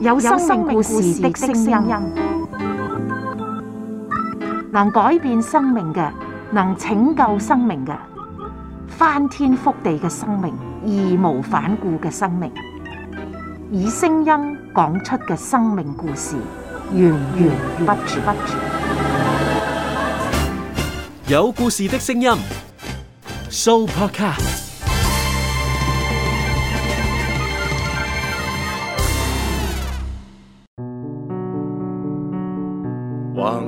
有生命故事的聲音，能改變生命嘅，能拯救生命嘅，翻天覆地嘅生命，義無反顧嘅生命，以聲音講出嘅生命故事，源源不絕。有故事的聲音，Soupercast。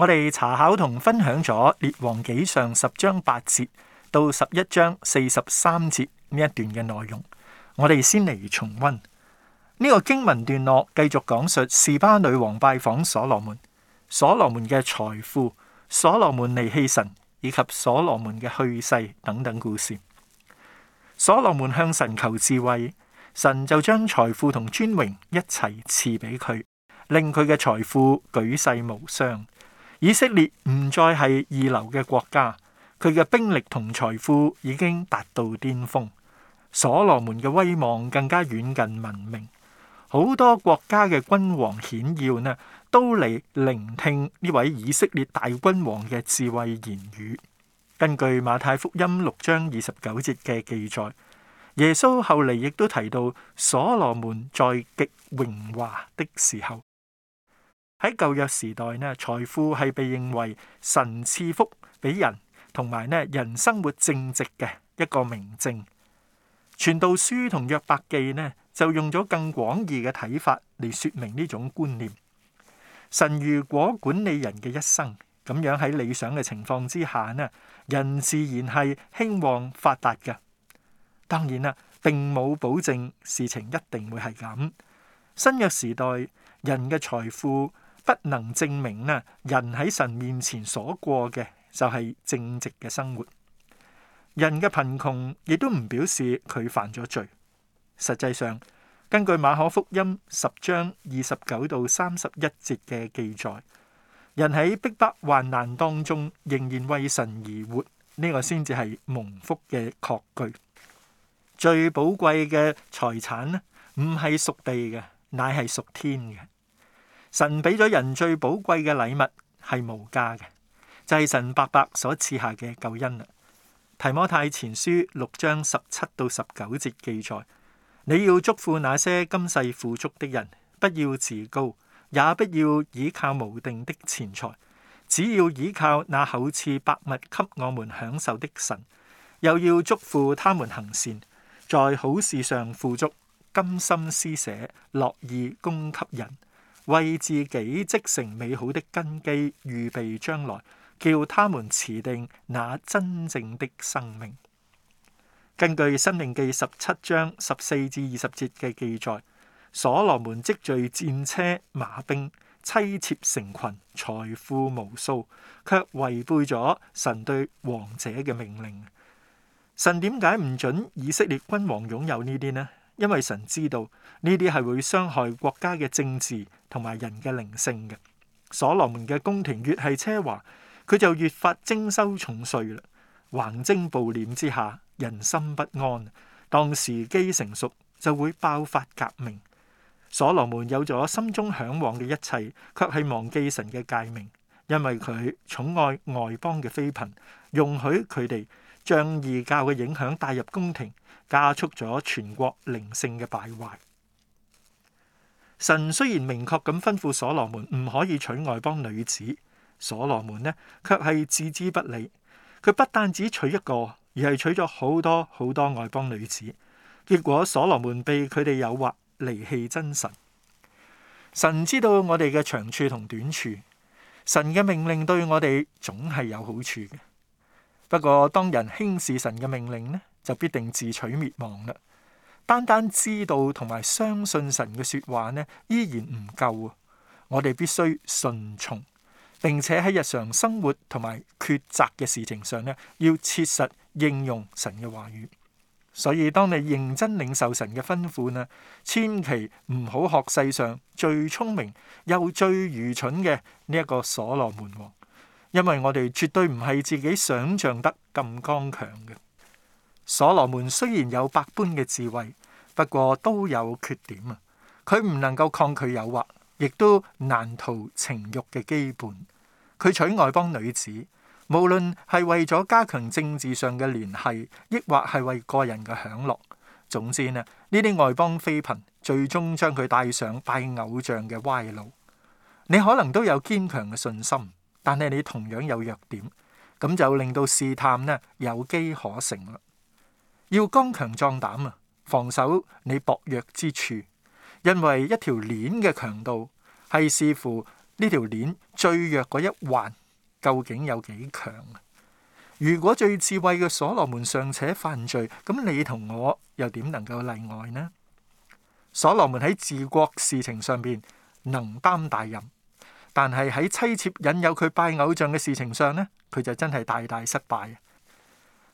我哋查考同分享咗《列王紀》上十章八節到十一章四十三節呢一段嘅內容。我哋先嚟重溫呢個經文段落，繼續講述士巴女王拜訪所羅門，所羅門嘅財富，所羅門離棄神，以及所羅門嘅去世等等故事。所羅門向神求智慧，神就將財富同尊榮一齊賜俾佢，令佢嘅財富舉世無雙。以色列唔再係二流嘅國家，佢嘅兵力同財富已經達到巔峰。所羅門嘅威望更加遠近聞名，好多國家嘅君王顯要呢都嚟聆聽呢位以色列大君王嘅智慧言語。根據馬太福音六章二十九節嘅記載，耶穌後嚟亦都提到所羅門在極榮華的時候。喺舊約時代呢，財富係被認為神賜福俾人，同埋呢人生活正直嘅一個明證。傳道書同約伯記呢就用咗更廣義嘅睇法嚟說明呢種觀念。神如果管理人嘅一生，咁樣喺理想嘅情況之下呢，人自然係興旺發達嘅。當然啦，並冇保證事情一定會係咁。新約時代，人嘅財富。不能證明呢，人喺神面前所過嘅就係正直嘅生活。人嘅貧窮亦都唔表示佢犯咗罪。實際上，根據馬可福音十章二十九到三十一節嘅記載，人喺逼迫患難當中仍然為神而活，呢個先至係蒙福嘅確據。最寶貴嘅財產呢，唔係屬地嘅，乃係屬天嘅。神俾咗人最寶貴嘅禮物係無價嘅，就係、是、神白白所賜下嘅救恩。提摩太前書六章十七到十九節記載：你要祝福那些今世富足的人，不要自高，也不要倚靠無定的錢財，只要倚靠那厚賜百物給我們享受的神。又要祝福他們行善，在好事上富足，甘心施捨，樂意供給人。為自己積成美好的根基，預備將來，叫他們持定那真正的生命。根據《申命記》十七章十四至二十節嘅記載，所羅門積聚戰車、馬兵、妻妾成群、財富無數，卻違背咗神對王者嘅命令。神點解唔准以色列君王擁有呢啲呢？因為神知道呢啲係會傷害國家嘅政治同埋人嘅靈性嘅。所羅門嘅宮廷越係奢華，佢就越發徵收重稅啦。橫徵暴斂之下，人心不安。當時機成熟，就會爆發革命。所羅門有咗心中嚮往嘅一切，卻係忘記神嘅誡命，因為佢寵愛外邦嘅妃嬪，容許佢哋將異教嘅影響帶入宮廷。加速咗全國靈性嘅敗壞。神雖然明確咁吩咐所羅門唔可以娶外邦女子，所羅門呢卻係置之不理。佢不但只娶一個，而係娶咗好多好多外邦女子。結果所羅門被佢哋誘惑，離棄真神。神知道我哋嘅長處同短處，神嘅命令對我哋總係有好處嘅。不過當人輕視神嘅命令呢，就必定自取滅亡啦。單單知道同埋相信神嘅說話呢，依然唔夠啊。我哋必須順從，並且喺日常生活同埋抉擇嘅事情上呢，要切實應用神嘅話語。所以，當你認真領受神嘅吩咐呢，千祈唔好學世上最聰明又最愚蠢嘅呢一個所羅門王，因為我哋絕對唔係自己想象得咁剛強嘅。所羅門雖然有百般嘅智慧，不過都有缺點啊。佢唔能夠抗拒誘惑，亦都難逃情慾嘅羈絆。佢娶外邦女子，無論係為咗加強政治上嘅聯繫，亦或係為個人嘅享樂。總之呢，呢啲外邦妃嬪最終將佢帶上拜偶像嘅歪路。你可能都有堅強嘅信心，但係你同樣有弱點，咁就令到試探呢有機可乘啦。要剛強壯膽啊！防守你薄弱之處，因為一條鏈嘅強度係視乎呢條鏈最弱嗰一環究竟有幾強啊！如果最智慧嘅所羅門尚且犯罪，咁你同我又點能夠例外呢？所羅門喺治國事情上邊能擔大任，但係喺妻妾引誘佢拜偶像嘅事情上呢，佢就真係大大失敗啊！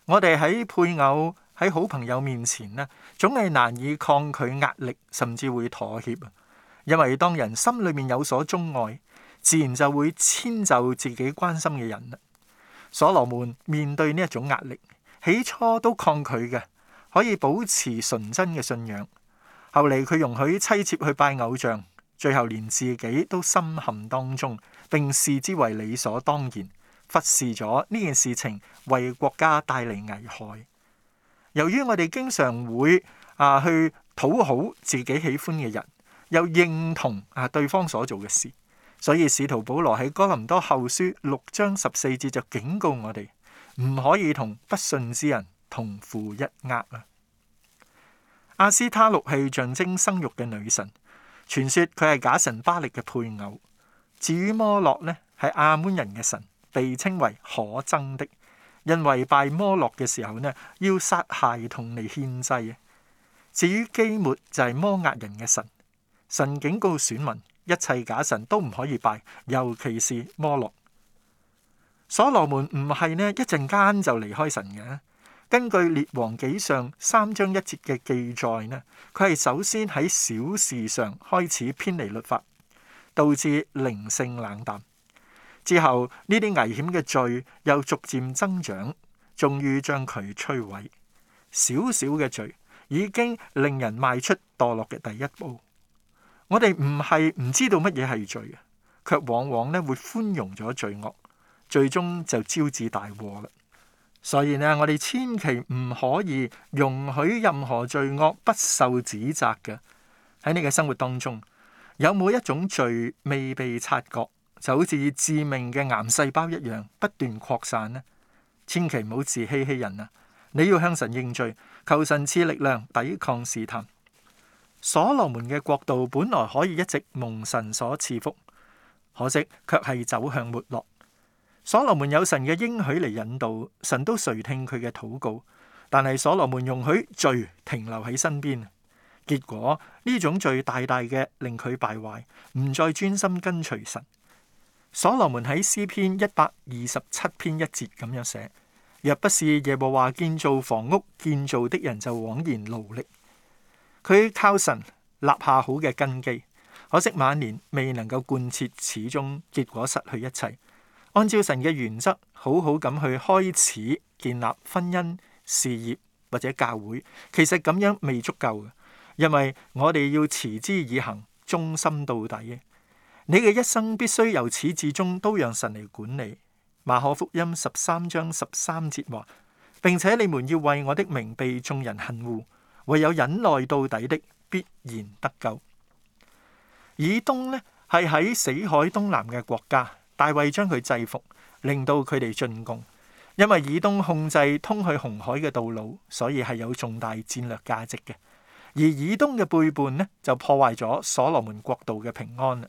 我哋喺配偶。喺好朋友面前呢，總係難以抗拒壓力，甚至會妥協。因為當人心裏面有所鍾愛，自然就會遷就自己關心嘅人啦。所羅門面對呢一種壓力，起初都抗拒嘅，可以保持純真嘅信仰。後嚟佢容許妻妾去拜偶像，最後連自己都深陷當中，並視之為理所當然，忽視咗呢件事情為國家帶嚟危害。由於我哋經常會啊去討好自己喜歡嘅人，又認同啊對方所做嘅事，所以使徒保羅喺哥林多後書六章十四節就警告我哋唔可以同不信之人同父一握同負一軛啦。亞斯他錄係象徵生育嘅女神，傳說佢係假神巴力嘅配偶。至於摩洛呢，係亞捫人嘅神，被稱為可憎的。因為拜摩洛嘅時候呢，要殺孩童嚟獻祭。至於基抹就係摩押人嘅神，神警告選民一切假神都唔可以拜，尤其是摩洛。所羅門唔係呢一陣間就離開神嘅，根據列王紀上三章一節嘅記載呢，佢係首先喺小事上開始偏離律法，導致靈性冷淡。之後呢啲危險嘅罪又逐漸增長，終於將佢摧毀。小小嘅罪已經令人邁出墮落嘅第一步。我哋唔係唔知道乜嘢係罪嘅，卻往往咧會寬容咗罪惡，最終就招致大禍啦。所以呢，我哋千祈唔可以容許任何罪惡不受指責嘅。喺你嘅生活當中，有冇一種罪未被察覺？就好似致命嘅癌細胞一樣，不斷擴散咧。千祈唔好自欺欺人啊！你要向神認罪，求神賜力量抵抗試探。所羅門嘅國度本來可以一直蒙神所賜福，可惜卻係走向沒落。所羅門有神嘅應許嚟引導，神都垂聽佢嘅禱告，但係所羅門容許罪停留喺身邊，結果呢種罪大大嘅令佢敗壞，唔再專心跟隨神。所羅門喺詩篇一百二十七篇一節咁樣寫：若不是耶和華建造房屋，建造的人就枉然勞力。佢靠神立下好嘅根基，可惜晚年未能夠貫徹始終，結果失去一切。按照神嘅原則，好好咁去開始建立婚姻、事業或者教會，其實咁樣未足夠嘅，因為我哋要持之以恆，忠心到底。你嘅一生必須由始至終都讓神嚟管理。馬可福音十三章十三節話，並且你們要為我的名被眾人恨惡，唯有忍耐到底的必然得救。以東呢係喺死海東南嘅國家，大衛將佢制服，令到佢哋進貢，因為以東控制通去紅海嘅道路，所以係有重大戰略價值嘅。而以東嘅背叛呢，就破壞咗所羅門國度嘅平安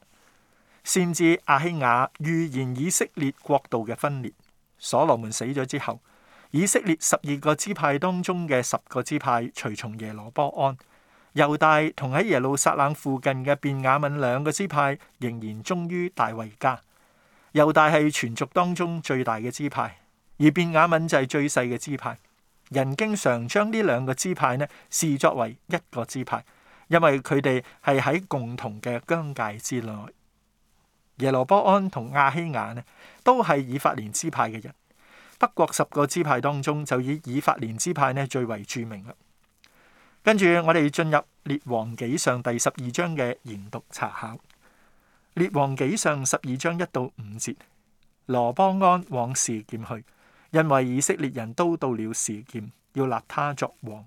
先至亞希雅預言以色列國度嘅分裂。所羅門死咗之後，以色列十二個支派當中嘅十個支派隨從耶羅波安；猶大同喺耶路撒冷附近嘅便雅敏兩個支派仍然忠於大衛家。猶大係全族當中最大嘅支派，而便雅敏就係最細嘅支派。人經常將呢兩個支派呢視作為一個支派，因為佢哋係喺共同嘅疆界之內。耶羅波安同亞希雅呢，都係以法蓮支派嘅人。北國十個支派當中，就以以法蓮支派呢最為著名。跟住我哋進入列王紀上第十二章嘅研讀查考。列王紀上十二章一到五節：羅波安往示劍去，因為以色列人都到了示劍，要立他作王。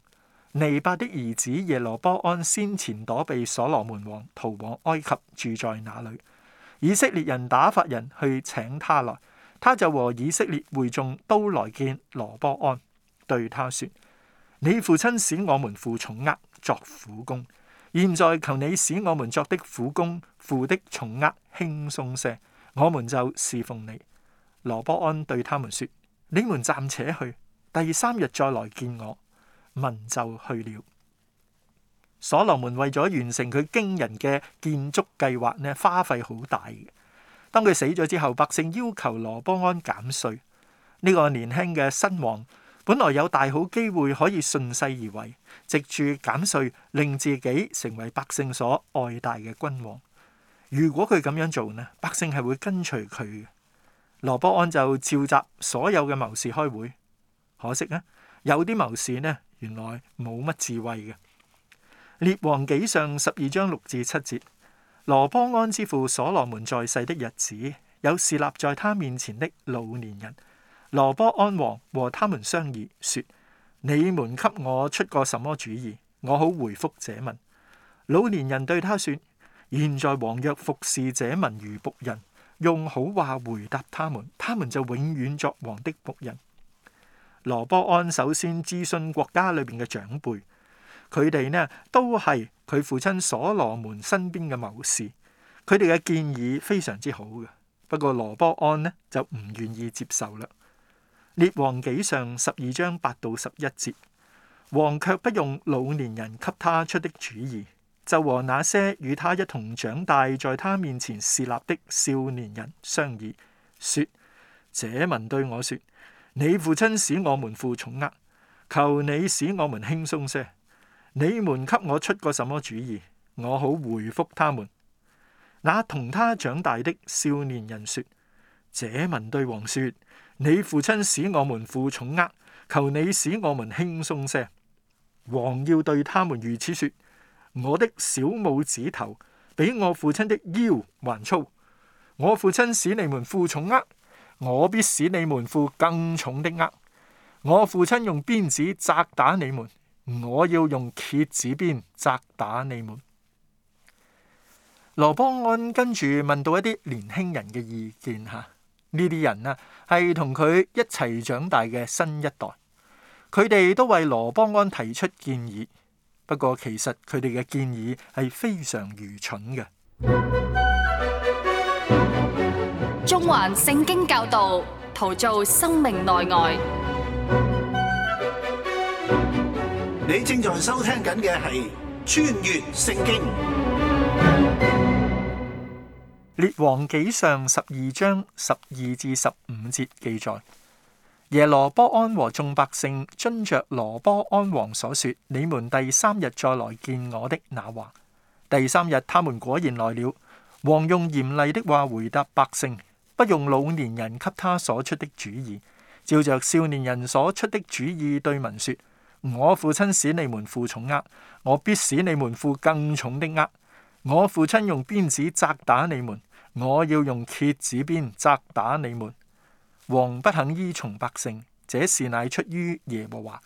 尼伯的兒子耶羅波安先前躲避所羅門王，逃往埃及，住在那裡。以色列人打發人去請他來，他就和以色列會眾都來見羅波安，對他說：你父親使我們負重軛作苦工，現在求你使我們作的苦工、負的重軛輕鬆些，我們就侍奉你。羅波安對他們說：你們暫且去，第三日再來見我。民就去了。所羅門為咗完成佢驚人嘅建築計劃呢，花費好大嘅。當佢死咗之後，百姓要求羅波安減稅。呢個年輕嘅新王，本來有大好機會可以順勢而為，藉住減稅令自己成為百姓所愛戴嘅君王。如果佢咁樣做呢，百姓係會跟隨佢嘅。羅波安就召集所有嘅謀士開會。可惜咧、啊，有啲謀士呢，原來冇乜智慧嘅。列王紀上十二章六至七節，羅波安之父所羅門在世的日子，有侍立在他面前的老年人。羅波安王和他們商議，說：你們給我出個什麼主意，我好回覆這民。老年人對他說：現在王若服侍這民如僕人，用好話回答他們，他們就永遠作王的僕人。羅波安首先諮詢國家裏邊嘅長輩。佢哋呢都係佢父親所羅門身邊嘅謀士，佢哋嘅建議非常之好嘅。不過羅波安呢就唔願意接受啦。列王紀上十二章八到十一節，王卻不用老年人給他出的主意，就和那些與他一同長大，在他面前侍立的少年人商議，說：這民對我說，你父親使我們負重軛，求你使我們輕鬆些，啊。你們給我出個什麼主意，我好回覆他們。那同他長大的少年人說：這民對王說，你父親使我們負重軛，求你使我們輕鬆些。王要對他們如此說：我的小拇指頭比我父親的腰還粗。我父親使你們負重軛，我必使你們負更重的軛。我父親用鞭子責打你們。我要用蠍子鞭責打你們。羅邦安跟住問到一啲年輕人嘅意見嚇，呢、啊、啲人啊係同佢一齊長大嘅新一代，佢哋都為羅邦安提出建議。不過其實佢哋嘅建議係非常愚蠢嘅。中環聖經教導，陶造生命內外。你正在收聽緊嘅係《穿越聖經》，列王紀上十二章十二至十五節記載：耶羅波安和眾百姓遵着羅波安王所說，你們第三日再來見我的那話。第三日，他們果然來了。王用嚴厲的話回答百姓，不用老年人給他所出的主意，照着少年人所出的主意對民說。我父親使你們負重軛，我必使你們負更重的軛。我父親用鞭子責打你們，我要用蝎子鞭責打你們。王不肯依從百姓，這事乃出於耶和華，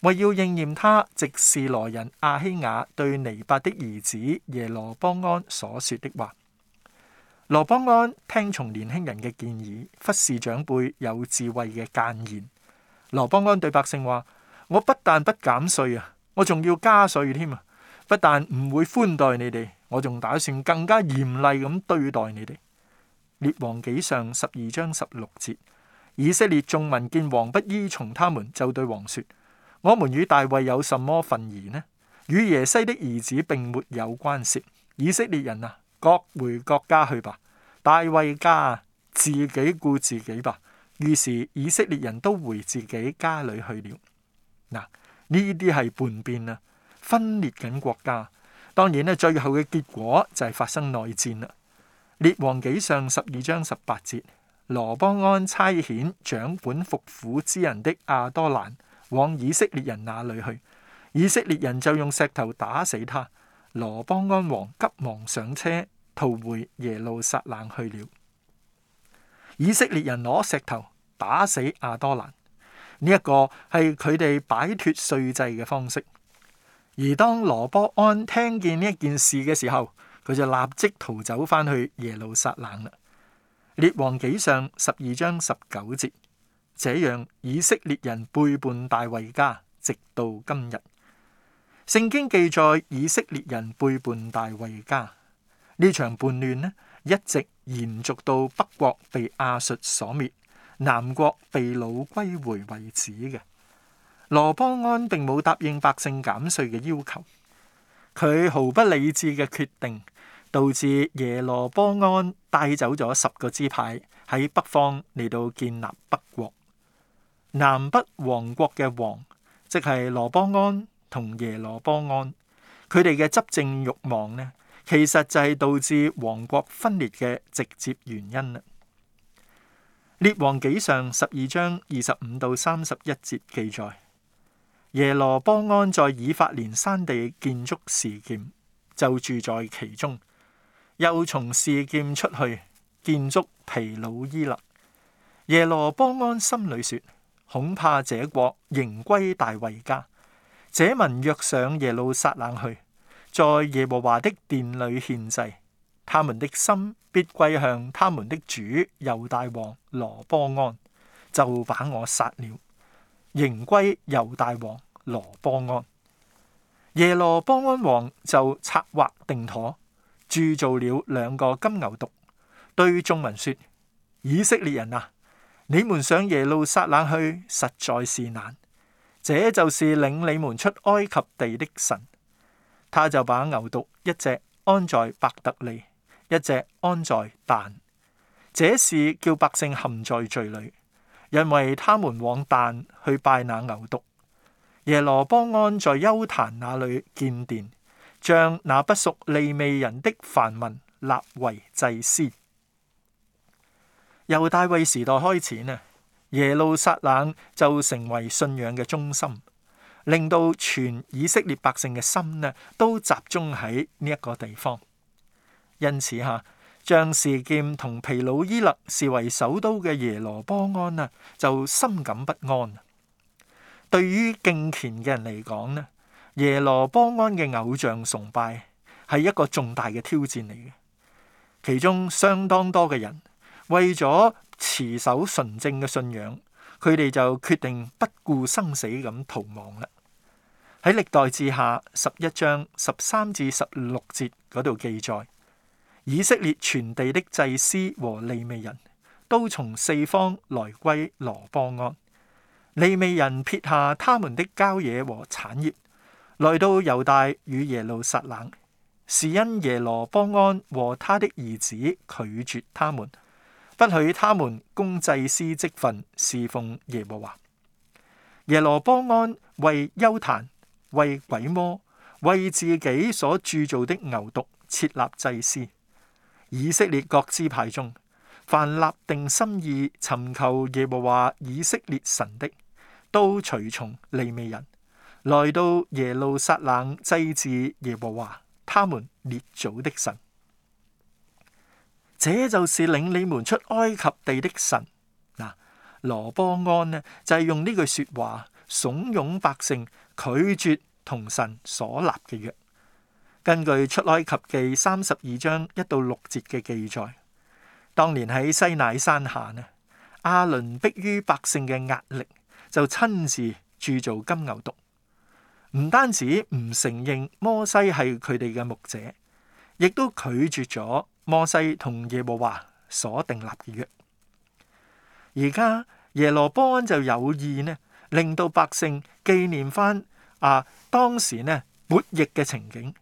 為要應驗他藉示羅人亞希雅對尼八的兒子耶羅邦安所說的話。羅邦安聽從年輕人嘅建議，忽視長輩有智慧嘅諫言。羅邦安對百姓話。我不但不減稅啊，我仲要加稅添啊！不但唔會寬待你哋，我仲打算更加嚴厲咁對待你哋。列王紀上十二章十六節，以色列眾民見王不依從他們，就對王說：我們與大衛有什麼分兒呢？與耶西的兒子並沒有關涉。以色列人啊，各回各家去吧。大衛家自己顧自己吧。於是以色列人都回自己家裏去了。嗱，呢啲係叛變啊，分裂緊國家。當然咧，最後嘅結果就係發生內戰啦。列王紀上十二章十八節，羅邦安差遣掌管服苦之人的亞多蘭往以色列人那裏去，以色列人就用石頭打死他。羅邦安王急忙上車逃回耶路撒冷去了。以色列人攞石頭打死亞多蘭。呢一個係佢哋擺脫稅制嘅方式，而當羅波安聽見呢一件事嘅時候，佢就立即逃走翻去耶路撒冷啦。列王紀上十二章十九節，這樣以色列人背叛大衛家，直到今日。聖經記載以色列人背叛大衛家，呢場叛亂呢一直延續到北國被亞述所滅。南國被擄歸回為止嘅。羅波安並冇答應百姓減稅嘅要求，佢毫不理智嘅決定，導致耶羅波安帶走咗十個支派喺北方嚟到建立北國。南北王國嘅王，即係羅波安同耶羅波安，佢哋嘅執政慾望呢，其實就係導致王國分裂嘅直接原因啦。列王紀上十二章二十五到三十一節記載，耶羅波安在以法蓮山地建築示劍，就住在其中。又從示劍出去，建築毗努伊勒。耶羅波安心裏說：恐怕這國仍歸大衛家。這民若上耶路撒冷去，在耶和華的殿裏獻祭。他們的心必歸向他們的主猶大王羅波安，就把我殺了，仍歸猶大王羅波安。耶羅波安王就策劃定妥，鑄造了兩個金牛犢，對眾民説：以色列人啊，你們上耶路撒冷去，實在是難。這就是領你們出埃及地的神，他就把牛犢一隻安在伯特利。一隻安在但，這是叫百姓陷在罪裏，因為他們往但去拜那牛犢。耶羅波安在丘壇那裏建殿，將那不屬利未人的凡民立為祭司。由大衛時代開始呢，耶路撒冷就成為信仰嘅中心，令到全以色列百姓嘅心呢都集中喺呢一個地方。因此下，將示劍同皮魯伊勒視為首都嘅耶羅波安啊，就深感不安。對於敬虔嘅人嚟講呢，耶羅波安嘅偶像崇拜係一個重大嘅挑戰嚟嘅。其中相當多嘅人為咗持守純正嘅信仰，佢哋就決定不顧生死咁逃亡啦。喺歷代志下十一章十三至十六節嗰度記載。以色列全地的祭司和利未人都從四方來歸羅波安。利未人撇下他們的郊野和產業，來到猶大與耶路撒冷，是因耶羅波安和他的兒子拒絕他們，不許他們供祭司職份侍奉耶和華。耶羅波安為邱壇、為鬼魔、為自己所鑄造的牛犢設立祭司。以色列各支派中，凡立定心意尋求耶和華以色列神的，都隨從利未人，來到耶路撒冷祭祀耶和華，他們列祖的神。這就是領你們出埃及地的神。嗱，羅波安呢就係用呢句說話，慫恿百姓拒絕同神所立嘅約。根據《出埃及記》三十二章一到六節嘅記載，當年喺西乃山下呢，亞倫迫於百姓嘅壓力，就親自鑄造金牛犢。唔單止唔承認摩西係佢哋嘅牧者，亦都拒絕咗摩西同耶和華所訂立嘅約。而家耶羅波安就有意呢，令到百姓紀念返啊當時呢叛逆嘅情景。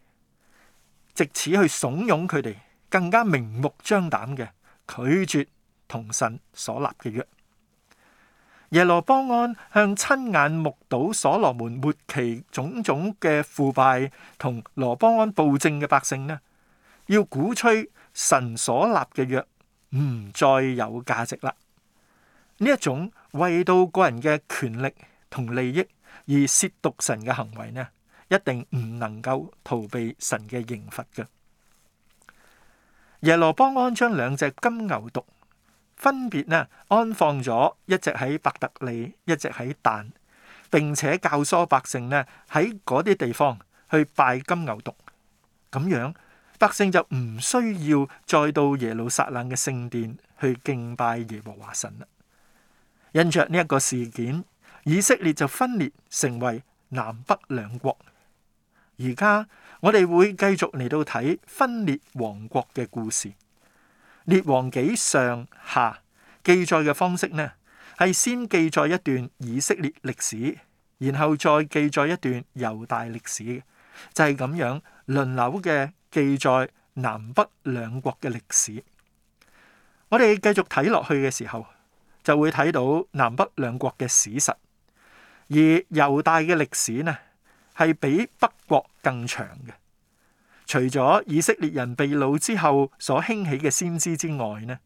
借此去慫恿佢哋，更加明目張膽嘅拒絕同神所立嘅約。耶羅波安向親眼目睹所羅門末期種種嘅腐敗同羅波安暴政嘅百姓呢，要鼓吹神所立嘅約唔再有價值啦。呢一種為到個人嘅權力同利益而褻瀆神嘅行為呢，一定唔能夠逃避神嘅刑罰嘅。耶羅波安將兩隻金牛犢分別呢安放咗，一隻喺伯特利，一隻喺但，並且教唆百姓呢喺嗰啲地方去拜金牛犢。咁樣百姓就唔需要再到耶路撒冷嘅聖殿去敬拜耶和華神啦。因着呢一個事件，以色列就分裂成為南北兩國。而家我哋會繼續嚟到睇分裂王國嘅故事，《列王紀》上下記載嘅方式呢，係先記載一段以色列歷史，然後再記載一段猶大歷史，就係咁樣輪流嘅記載南北兩國嘅歷史。我哋繼續睇落去嘅時候，就會睇到南北兩國嘅史實，而猶大嘅歷史呢？係比北國更長嘅。除咗以色列人被擄之後所興起嘅先知之外呢，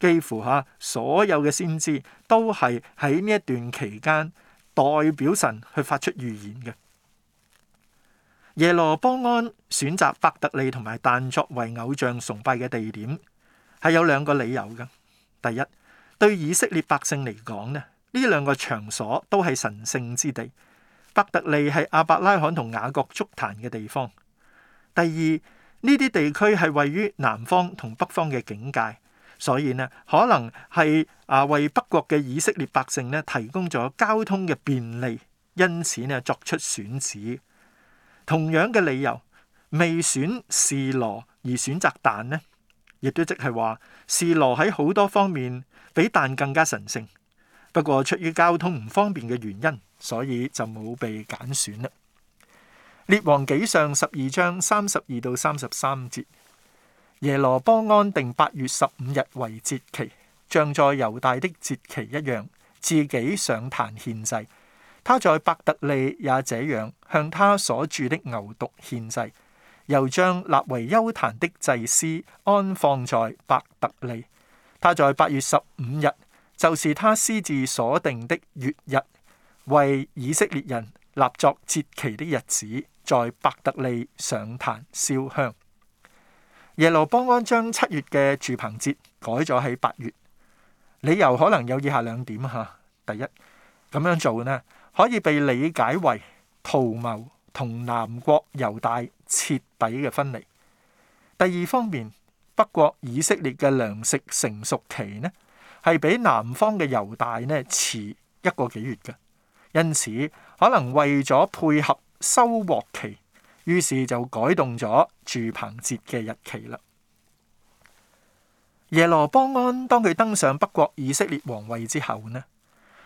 幾乎吓所有嘅先知都係喺呢一段期間代表神去發出預言嘅。耶羅波安選擇伯特利同埋但作為偶像崇拜嘅地點，係有兩個理由嘅。第一，對以色列百姓嚟講呢，呢兩個場所都係神聖之地。伯特利係阿伯拉罕同雅各築壇嘅地方。第二，呢啲地區係位於南方同北方嘅境界，所以呢可能係啊為北國嘅以色列百姓呢提供咗交通嘅便利，因此呢作出選址。同樣嘅理由，未選示羅而選擇但呢，亦都即係話示羅喺好多方面比但更加神聖。不過，出於交通唔方便嘅原因，所以就冇被揀選啦。列王紀上十二章三十二到三十三節，耶羅波安定八月十五日為節期，像在猶大的節期一樣，自己上壇獻祭。他在伯特利也這樣向他所住的牛犢獻祭，又將立為邱壇的祭司安放在伯特利。他在八月十五日。就是他私自所定的月日，為以色列人立作節期的日子，在伯特利上壇燒香。耶羅波安將七月嘅住棚節改咗喺八月，理由可能有以下兩點吓：第一，咁樣做呢可以被理解為圖謀同南國猶大徹底嘅分離；第二方面，北國以色列嘅糧食成熟期呢？係比南方嘅猶大呢遲一個幾月嘅，因此可能為咗配合收穫期，於是就改動咗住棚節嘅日期啦。耶羅邦安當佢登上北國以色列王位之後呢，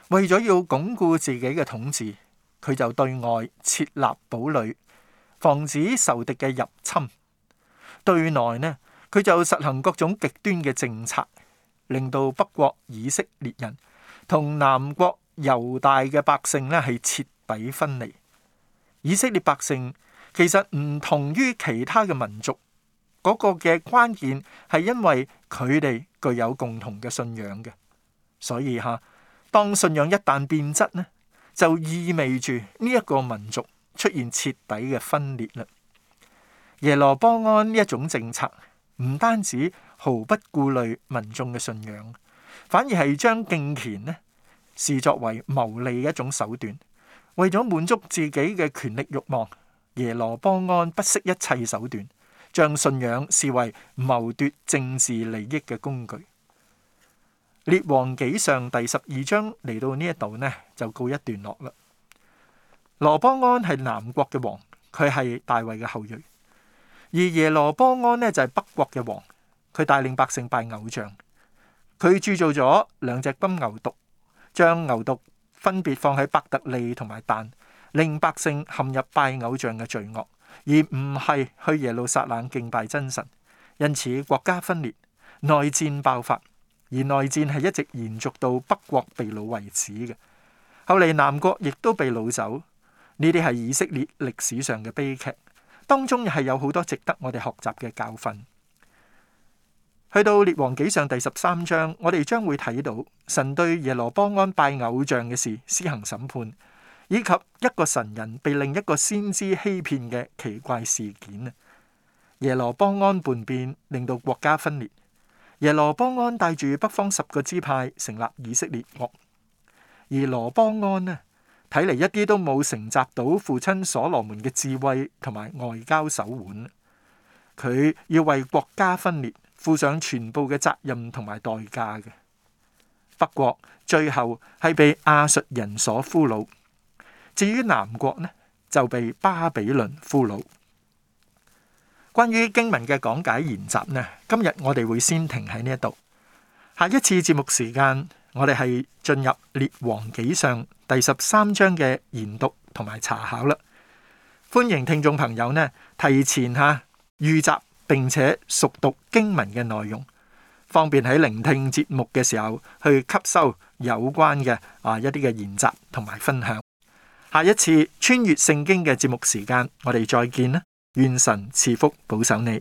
為咗要鞏固自己嘅統治，佢就對外設立堡壘，防止仇敵嘅入侵；對內呢，佢就實行各種極端嘅政策。令到北國以色列人同南國猶大嘅百姓咧係徹底分離。以色列百姓其實唔同於其他嘅民族，嗰個嘅關鍵係因為佢哋具有共同嘅信仰嘅。所以哈、啊，當信仰一旦變質咧，就意味住呢一個民族出現徹底嘅分裂啦。耶羅波安呢一種政策唔單止。毫不顧慮民眾嘅信仰，反而係將敬虔呢視作為牟利一種手段，為咗滿足自己嘅權力慾望。耶羅波安不惜一切手段，將信仰視為謀奪政治利益嘅工具。列王紀上第十二章嚟到呢一度呢，就告一段落啦。羅波安係南國嘅王，佢係大衛嘅後裔，而耶羅波安呢，就係北國嘅王。佢帶領百姓拜偶像，佢鑄造咗兩隻金牛犢，將牛犢分別放喺伯特利同埋但，令百姓陷入拜偶像嘅罪惡，而唔係去耶路撒冷敬拜真神。因此國家分裂，內戰爆發，而內戰係一直延續到北國被擄為止嘅。後嚟南國亦都被擄走，呢啲係以色列歷史上嘅悲劇，當中係有好多值得我哋學習嘅教訓。去到列王紀上第十三章，我哋將會睇到神對耶羅波安拜偶像嘅事施行審判，以及一個神人被另一個先知欺騙嘅奇怪事件啊。耶羅波安叛變，令到國家分裂。耶羅波安帶住北方十個支派成立以色列國，而羅波安呢，睇嚟一啲都冇承襲到父親所羅門嘅智慧同埋外交手腕，佢要為國家分裂。負上全部嘅責任同埋代價嘅。北國最後係被亞述人所俘虜，至於南國呢，就被巴比倫俘虜。關於經文嘅講解研習呢，今日我哋會先停喺呢一度。下一次節目時間，我哋係進入列王紀上第十三章嘅研讀同埋查考啦。歡迎聽眾朋友呢，提前吓預習。並且熟讀經文嘅內容，方便喺聆聽節目嘅時候去吸收有關嘅啊一啲嘅研習同埋分享。下一次穿越聖經嘅節目時間，我哋再見啦！願神賜福保守你。